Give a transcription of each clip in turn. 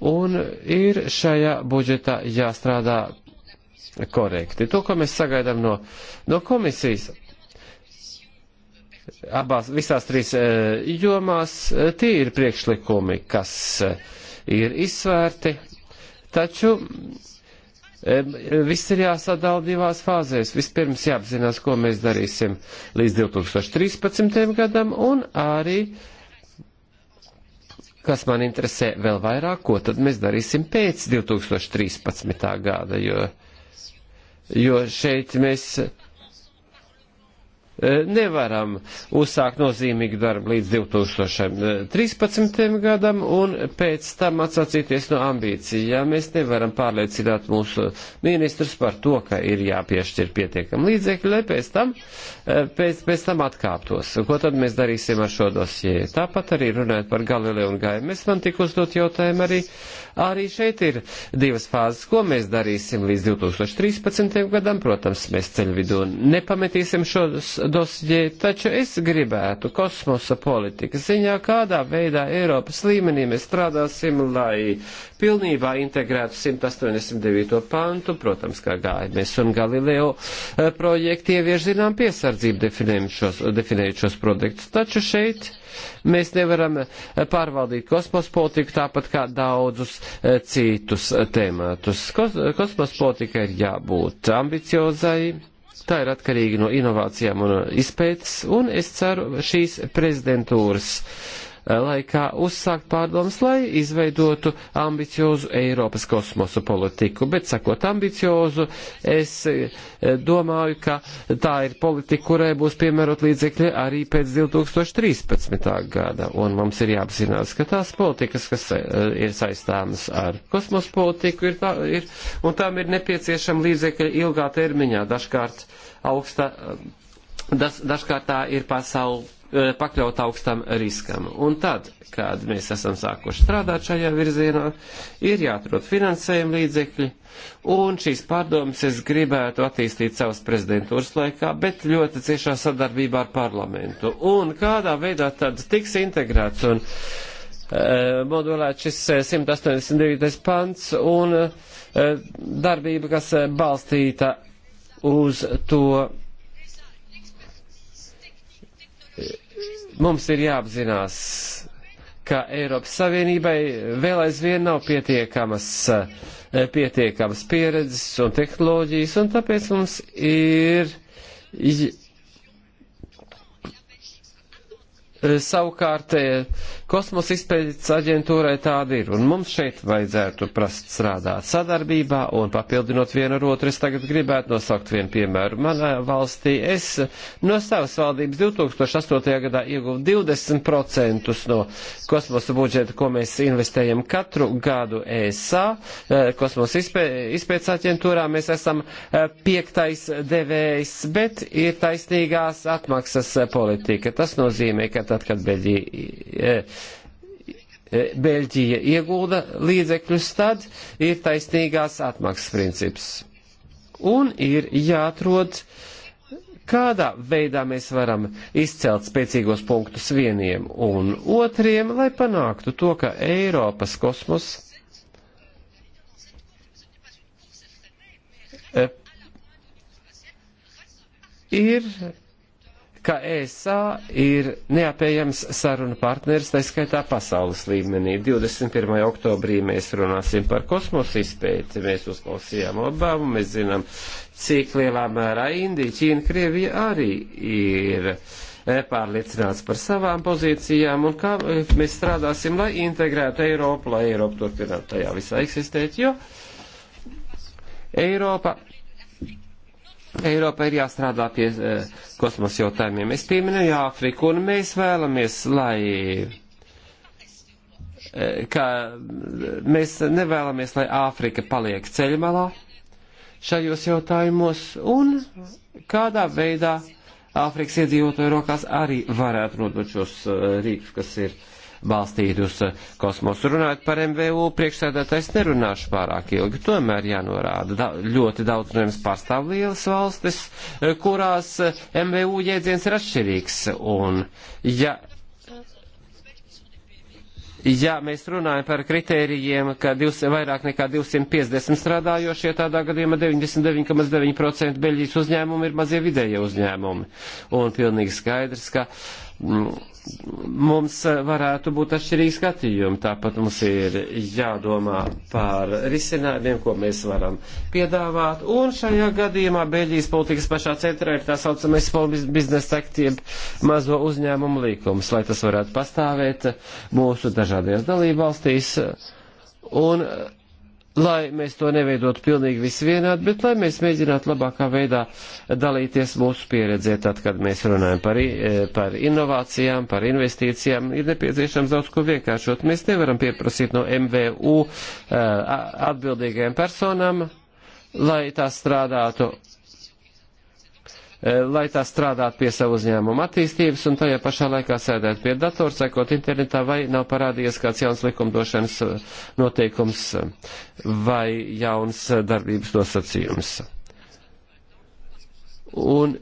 Un ir šajā budžetā jāstrādā korekti. To, ko mēs sagaidām no, no komisijas, abās, visās trīs e, jomās, e, tie ir priekšlikumi, kas e, ir izsvērti, taču viss ir jāsadala divās fāzēs. Vispirms jāapzinās, ko mēs darīsim līdz 2013. gadam, un arī kas man interesē vēl vairāk, ko tad mēs darīsim pēc 2013. gada, jo, jo šeit mēs Eh, nevaram uzsākt nozīmīgu darbu līdz 2013. Eh, gadam un pēc tam atsacīties no ambīcijām. Mēs nevaram pārliecināt mūsu ministrus par to, ka ir jāpiešķir pietiekam līdzekļi, lai pēc tam, eh, pēc, pēc tam atkāptos. Ko tad mēs darīsim ar šo dosie? Tāpat arī runājot par Galileo un Gaimes, man tika uzdot jautājumu arī, arī šeit ir divas fāzes, ko mēs darīsim līdz 2013. gadam. Protams, mēs ceļvidū nepametīsim šos dosjē, taču es gribētu kosmosa politikas ziņā, kādā veidā Eiropas līmenī mēs strādāsim, lai pilnībā integrētu 189. pantu, protams, kā Gājumies un Galileo eh, projekti ieviežinām piesardzību definējot šos produktus. Taču šeit mēs nevaram eh, pārvaldīt kosmosa politiku tāpat kā daudzus eh, citus tēmātus. Kos, kosmosa politika ir jābūt ambiciozai tā ir atkarīga no inovācijām un izpētes, un es ceru šīs prezidentūras uh, Eh, laikā uzsākt pārdomas, lai izveidotu ambiciozu Eiropas kosmosa politiku. Bet, sakot ambiciozu, es eh, domāju, ka tā ir politika, kurai būs piemērot līdzekļi arī pēc 2013. gada. Un mums ir jāapzinās, ka tās politikas, kas eh, ir saistāmas ar kosmosa politiku, ir tā, ir, un tām ir nepieciešama līdzekļa ilgā termiņā, dažkārt augsta, das, dažkārt tā ir pasaule Eh, pakļaut augstam riskam. Un tad, kad mēs esam sākuši strādāt šajā virzienā, ir jāatrod finansējuma līdzekļi, un šīs pārdomas es gribētu attīstīt savas prezidentūras laikā, bet ļoti ciešā sadarbībā ar parlamentu. Un kādā veidā tad tiks integrēts un uh, modulēts šis 189. Eh, pants un uh, darbība, kas balstīta uz to Mums ir jāapzinās, ka Eiropas Savienībai vēl aizvien nav pietiekamas, eh, pietiekamas pieredzes un tehnoloģijas, un tāpēc mums ir E, savukārt, e, kosmosa izpētes aģentūrai tāda ir, un mums šeit vajadzētu prast strādāt sadarbībā un papildinot vienu ar otru. Es tagad gribētu nosaukt vienu piemēru. Manā valstī es no savas valdības 2008. gadā ieguvu 20% no kosmosa budžeta, ko mēs investējam katru gadu ESA. E, kosmosa izpētes aģentūrā mēs esam piektais devējs, bet ir taisnīgās atmaksas politika. Tas nozīmē, ka tad, kad Beļģija, e, e, Beļģija iegulda līdzekļus, tad ir taisnīgās atmaksas princips. Un ir jāatrod, kādā veidā mēs varam izcelt spēcīgos punktus vieniem un otriem, lai panāktu to, ka Eiropas kosmos e, ir ka ESA ir neapējams saruna partneris, tā skaitā pasaules līmenī. 21. oktobrī mēs runāsim par kosmosa izpēti, mēs uzklausījām Obamu, mēs zinām, cik lielā mērā Indija, Ķīna, Krievija arī ir e, pārliecināts par savām pozīcijām un kā e, mēs strādāsim, lai integrētu Eiropu, lai Eiropa turpinātu tajā visā eksistēt, jo Eiropa Eiropa ir jāstrādā pie e, eh, kosmosa jautājumiem. Es pieminēju Āfriku, un mēs vēlamies, lai. E, ka mēs nevēlamies, lai Āfrika paliek ceļmalā šajos jautājumos, un kādā veidā Āfrikas iedzīvotāju rokās arī varētu nodot šos eh, rīkus, kas ir uh, balstīt uz eh, kosmosu. Runājot par MVU, priekšsēdētājs nerunāšu pārāk ilgi, tomēr jānorāda. Da, ļoti daudz no jums pārstāv lielas valstis, eh, kurās eh, MVU jēdziens ir atšķirīgs. Un, ja Ja mēs runājam par kritērijiem, ka 200, vairāk nekā 250 strādājošie, tādā gadījumā 99,9% Beļģijas uzņēmumi ir mazie vidējie uzņēmumi. Un pilnīgi skaidrs, ka uh, mums varētu būt atšķirīgi skatījumi. Tāpat mums ir jādomā par risinājumiem, ko mēs varam piedāvāt. Un šajā gadījumā Beļģijas politikas pašā centrā ir tā saucamais biznesa aktīva mazo uzņēmumu līkums, lai tas varētu pastāvēt mūsu dažādajās dalībvalstīs. Un lai mēs to neveidotu pilnīgi visi vienādi, bet lai mēs mēģinātu labākā veidā dalīties mūsu pieredzē, tad, kad mēs runājam par, e, par inovācijām, par investīcijām, ir nepieciešams daudz ko vienkāršot. Mēs nevaram pieprasīt no MVU e, atbildīgajām personām, lai tās strādātu Eh, lai tā strādātu pie savu uzņēmumu attīstības un tajā pašā laikā sēdēt pie datora, sekot internetā, vai nav parādījies kāds jauns likumdošanas eh, noteikums eh, vai jauns darbības nosacījums. Un,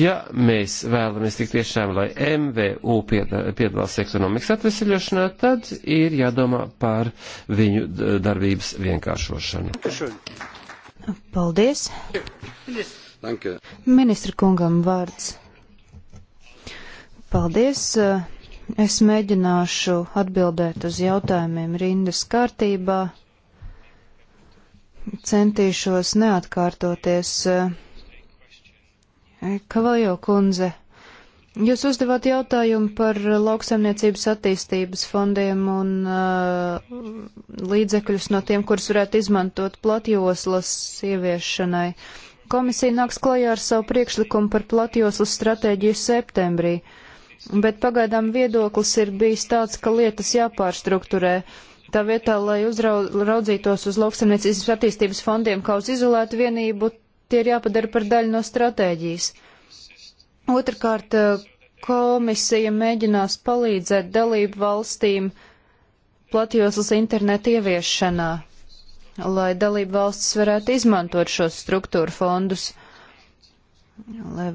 ja mēs vēlamies tik tiešām, lai MVU piedalās ekonomikas atvesaļošanā, tad ir jādomā par viņu darbības vienkāršošanu. Kašuļ. Paldies. Danke. Ministra kungam vārds. Paldies. Es mēģināšu atbildēt uz jautājumiem rindas kārtībā. Centīšos neatkārtoties. Kavaljo kundze Jūs uzdevāt jautājumu par lauksaimniecības attīstības fondiem un uh, līdzekļus no tiem, kurus varētu izmantot platjoslas ieviešanai. Komisija nāks klajā ar savu priekšlikumu par platjoslas stratēģiju septembrī, bet pagaidām viedoklis ir bijis tāds, ka lietas jāpārstrukturē. Tā vietā, lai uzraudzītos uz lauksaimniecības attīstības fondiem kā uz izolētu vienību, tie ir jāpadara par daļu no stratēģijas. Otrakārt, eh, komisija mēģinās palīdzēt dalību valstīm platjoslas interneta ieviešanā, lai dalību valstis varētu izmantot šos struktūru fondus, lai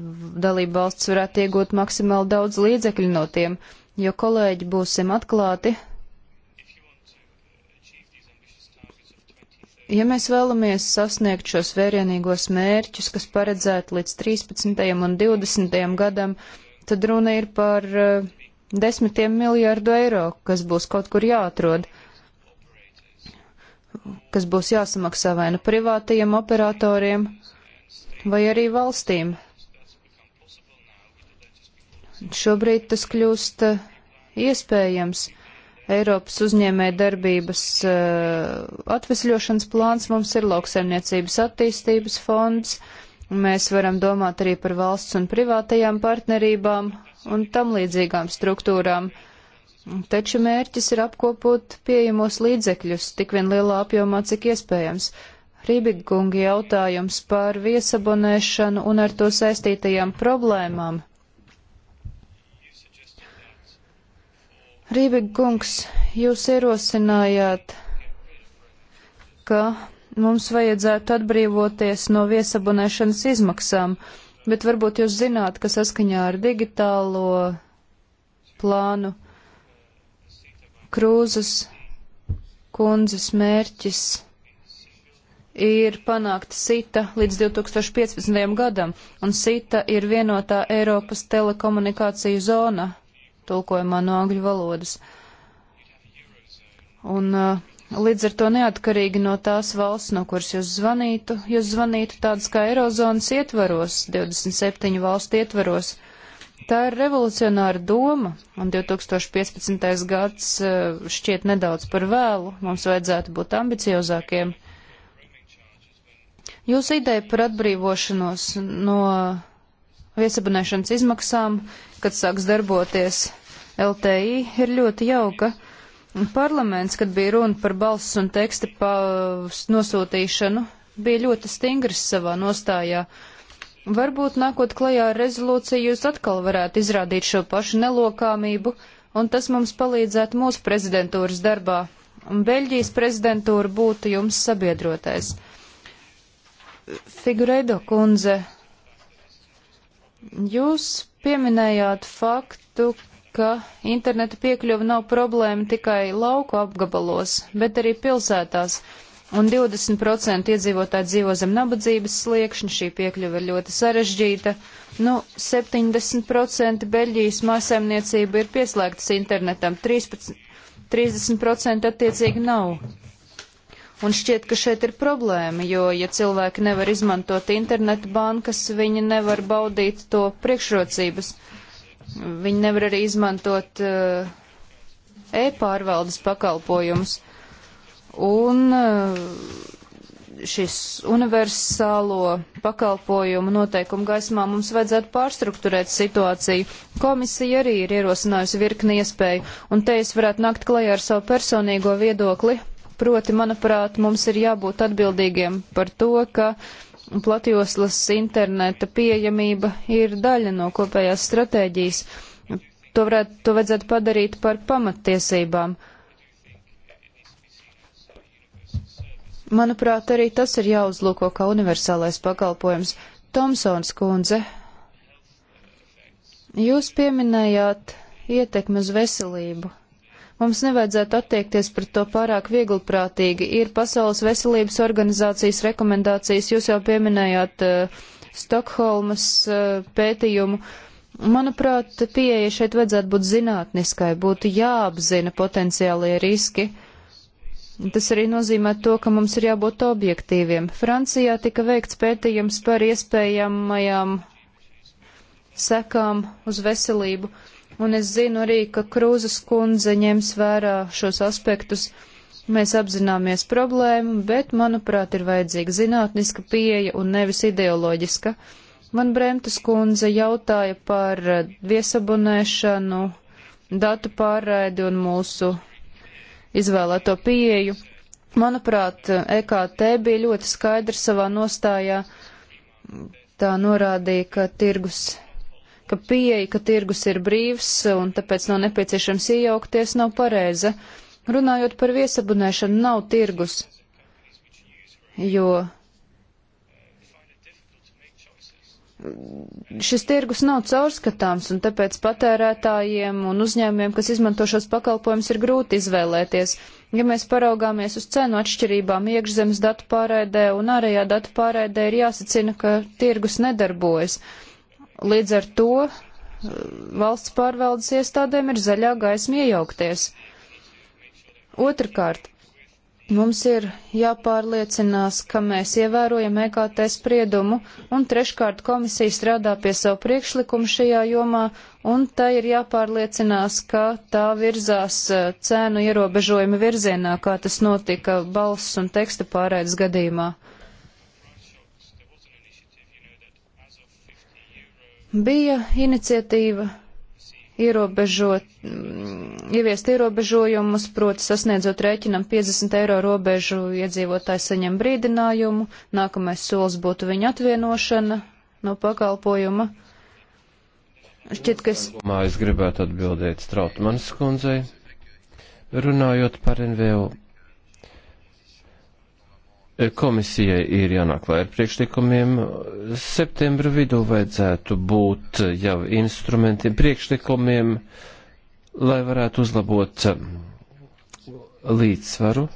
dalību valstis varētu iegūt maksimāli daudz līdzekļu no tiem, jo kolēģi būsim atklāti, Ja mēs vēlamies sasniegt šos vērienīgos mērķus, kas paredzēti līdz 13. un 20. gadam, tad runa ir par eh, desmitiem miljārdu eiro, kas būs kaut kur jāatrod, kas būs jāsamaksā vai nu privātajiem operatoriem vai arī valstīm. Šobrīd tas kļūst eh, iespējams. Uh, Eiropas uzņēmē darbības uh, atvesļošanas plāns, mums ir lauksaimniecības attīstības fonds, mēs varam domāt arī par valsts un privātajām partnerībām un tam līdzīgām struktūrām. Taču mērķis ir apkopot pieejamos līdzekļus tik vien lielā apjomā, cik iespējams. Rībigungi jautājums par viesabonēšanu un ar to saistītajām problēmām Rībīgi kungs, jūs ierosinājāt, ka mums vajadzētu atbrīvoties no viesabunēšanas izmaksām, bet varbūt jūs zināt, ka saskaņā ar digitālo plānu krūzes kundzes mērķis ir panākt sita līdz 2015. gadam, un sita ir vienotā Eiropas telekomunikāciju zona tulkojumā no angļu valodas. Un uh, līdz ar to neatkarīgi no tās valsts, no kuras jūs zvanītu, jūs zvanītu tādas kā Eirozonas ietvaros, 27 valstu ietvaros. Tā ir revolucionāra doma, un 2015. gads uh, šķiet nedaudz par vēlu, mums vajadzētu būt ambiciozākiem. Jūsu ideja par atbrīvošanos no viesabunēšanas izmaksām, kad sāks darboties LTI, ir ļoti jauka. Parlaments, kad bija runa par balss un teksta nosūtīšanu, bija ļoti stingrs savā nostājā. Varbūt nākot klajā ar rezolūciju jūs atkal varētu izrādīt šo pašu nelokāmību, un tas mums palīdzētu mūsu prezidentūras darbā, un Beļģijas prezidentūra būtu jums sabiedrotais. Figureido kundze Jūs pieminējāt faktu, ka interneta piekļuva nav problēma tikai lauku apgabalos, bet arī pilsētās, un 20% iedzīvotāji dzīvo zem nabadzības sliekšņa, šī piekļuva ir ļoti sarežģīta. Nu, 70% Beļģijas mājsaimniecība ir pieslēgtas internetam, 13, 30% attiecīgi nav. Un šķiet, ka šeit ir problēma, jo, ja cilvēki nevar izmantot internetu bankas, viņi nevar baudīt to priekšrocības. Viņi nevar arī izmantot uh, e-pārvaldes pakalpojumus. Un uh, šis universālo pakalpojumu noteikumu gaismā mums vajadzētu pārstruktūrēt situāciju. Komisija arī ir ierosinājusi virkni iespēju, un te es varētu nākt klajā ar savu personīgo viedokli Proti, manuprāt, mums ir jābūt atbildīgiem par to, ka platjoslas interneta pieejamība ir daļa no kopējās stratēģijas. To, varētu, to vajadzētu padarīt par pamattiesībām. Manuprāt, arī tas ir jāuzlūko kā universālais pakalpojums. Tomsons kundze, jūs pieminējāt ietekmi uz veselību Mums nevajadzētu attiekties pret to pārāk viegliprātīgi. Ir Pasaules veselības organizācijas rekomendācijas, jūs jau pieminējāt uh, Stokholmas uh, pētījumu. Manuprāt, pieeja šeit vajadzētu būt zinātniskai, būtu jāapzina potenciālie riski. Tas arī nozīmē to, ka mums ir jābūt objektīviem. Francijā tika veikts pētījums par iespējamajām sekām uz veselību. Uh, un es zinu arī, ka Krūzes kundze ņems vērā šos aspektus. Mēs apzināmies problēmu, bet, manuprāt, ir vajadzīga zinātniska pieeja un nevis ideoloģiska. Man Bremtas kundze jautāja par eh, viesabonēšanu, datu pārraidi un mūsu izvēlēto pieeju. Manuprāt, EKT bija ļoti skaidrs savā nostājā. Tā norādīja, ka tirgus ka pieeja, ka tirgus ir brīvs un tāpēc nav nepieciešams iejaukties, nav pareiza. Runājot par viesabunēšanu, nav tirgus, jo šis tirgus nav caurskatāms un tāpēc patērētājiem un uzņēmiem, kas izmanto šos pakalpojumus, ir grūti izvēlēties. Ja mēs paraugāmies uz cenu atšķirībām iekšzemes datu pārēdē un ārējā datu pārēdē, ir jāsacina, ka tirgus nedarbojas. Līdz ar to uh, valsts pārvaldes iestādēm ir zaļā gaisma iejaukties. Otrakārt, mums ir jāpārliecinās, ka mēs ievērojam EKT spriedumu, un treškārt komisija strādā pie savu priekšlikumu šajā jomā, un tā ir jāpārliecinās, ka tā virzās uh, cēnu ierobežojuma virzienā, kā tas notika balss un teksta pārēdas gadījumā. Bija iniciatīva ierobežot, mm, ieviest ierobežojumus, proti sasniedzot rēķinam 50 eiro robežu, iedzīvotāji saņem brīdinājumu, nākamais solis būtu viņa atvienošana no pakalpojuma. Šķiet, ka es. Mā, es gribētu atbildēt Strautmanas kundzei, runājot par NVO Komisijai ir jānāk klāja ar priekšlikumiem. Septembra vidū vajadzētu būt jau instrumentiem, priekšlikumiem, lai varētu uzlabot um, līdzsvaru.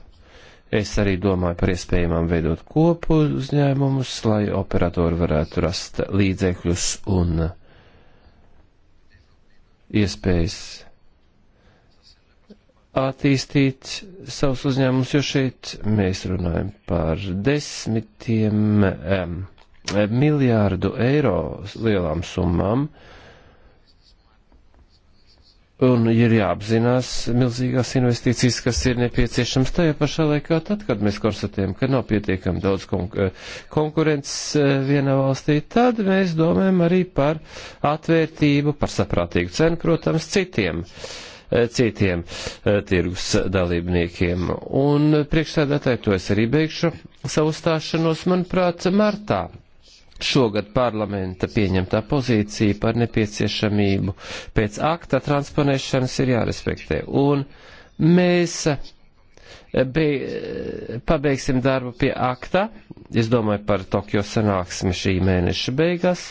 Es arī domāju par iespējamām veidot kopu uzņēmumus, lai operatori varētu rast līdzekļus un iespējas attīstīt savus uzņēmumus, jo šeit mēs runājam par desmitiem um, miljārdu eiro lielām summām, un ir jāapzinās milzīgās investīcijas, kas ir nepieciešams tajā pašā laikā, tad, kad mēs konstatējam, ka nav pietiekami daudz konkurences eh, vienā valstī, tad mēs domājam arī par atvērtību, par saprātīgu cenu, protams, citiem. Uh, citiem eh, tirgus dalībniekiem. Un priekšsēdētāji to es arī beigšu savu stāšanos, manuprāt, martā. Šogad parlamenta pieņemtā pozīcija par nepieciešamību pēc akta transponēšanas ir jārespektē. Un mēs eh, bei, eh, pabeigsim darbu pie akta, es domāju par Tokio sanāksmi šī mēneša beigas,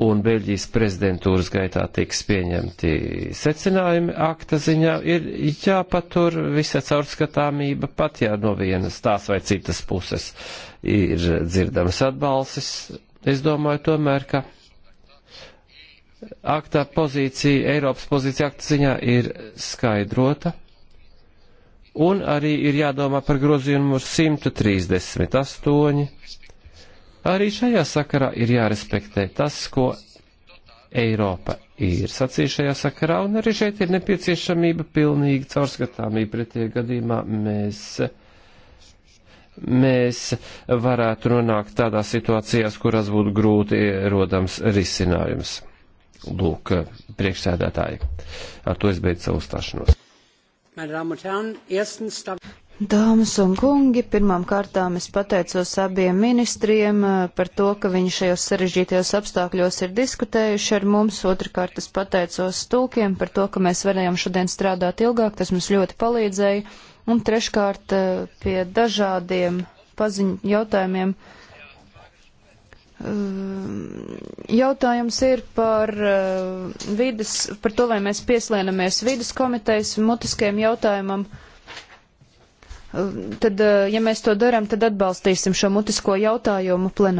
un Beļģijas prezidentūras gaitā tiks pieņemti secinājumi akta ziņā, ir jāpatur visa caurskatāmība pat, ja no vienas tās vai citas puses ir dzirdams atbalsis. Es domāju tomēr, ka aktā pozīcija, Eiropas pozīcija akta ziņā ir skaidrota. Un arī ir jādomā par grozījumu 138 Arī šajā sakarā ir jārespektē tas, ko Eiropa ir sacījušajā sakarā, un arī šeit ir nepieciešamība pilnīgi caurskatāmība. Pretie gadījumā mēs, mēs varētu nonākt tādās situācijās, kurās būtu grūti rodams risinājums. Lūk, priekšsēdētāji, ar to es beidzu savu stāšanos. Dāmas un kungi, pirmām kārtām es pateicos abiem ministriem eh, par to, ka viņi šajos sarežģītajos apstākļos ir diskutējuši ar mums. Otrakārt es pateicos tulkiem par to, ka mēs varējām šodien strādāt ilgāk, tas mums ļoti palīdzēja. Un treškārt eh, pie dažādiem paziņu jautājumiem. Eh, jautājums ir par vides, par to, vai mēs pieslēnamies vides komitejas mutiskajam jautājumam. Uh, tad, eh, ja mēs to darām, tad atbalstīsim šo mutisko jautājumu plenā.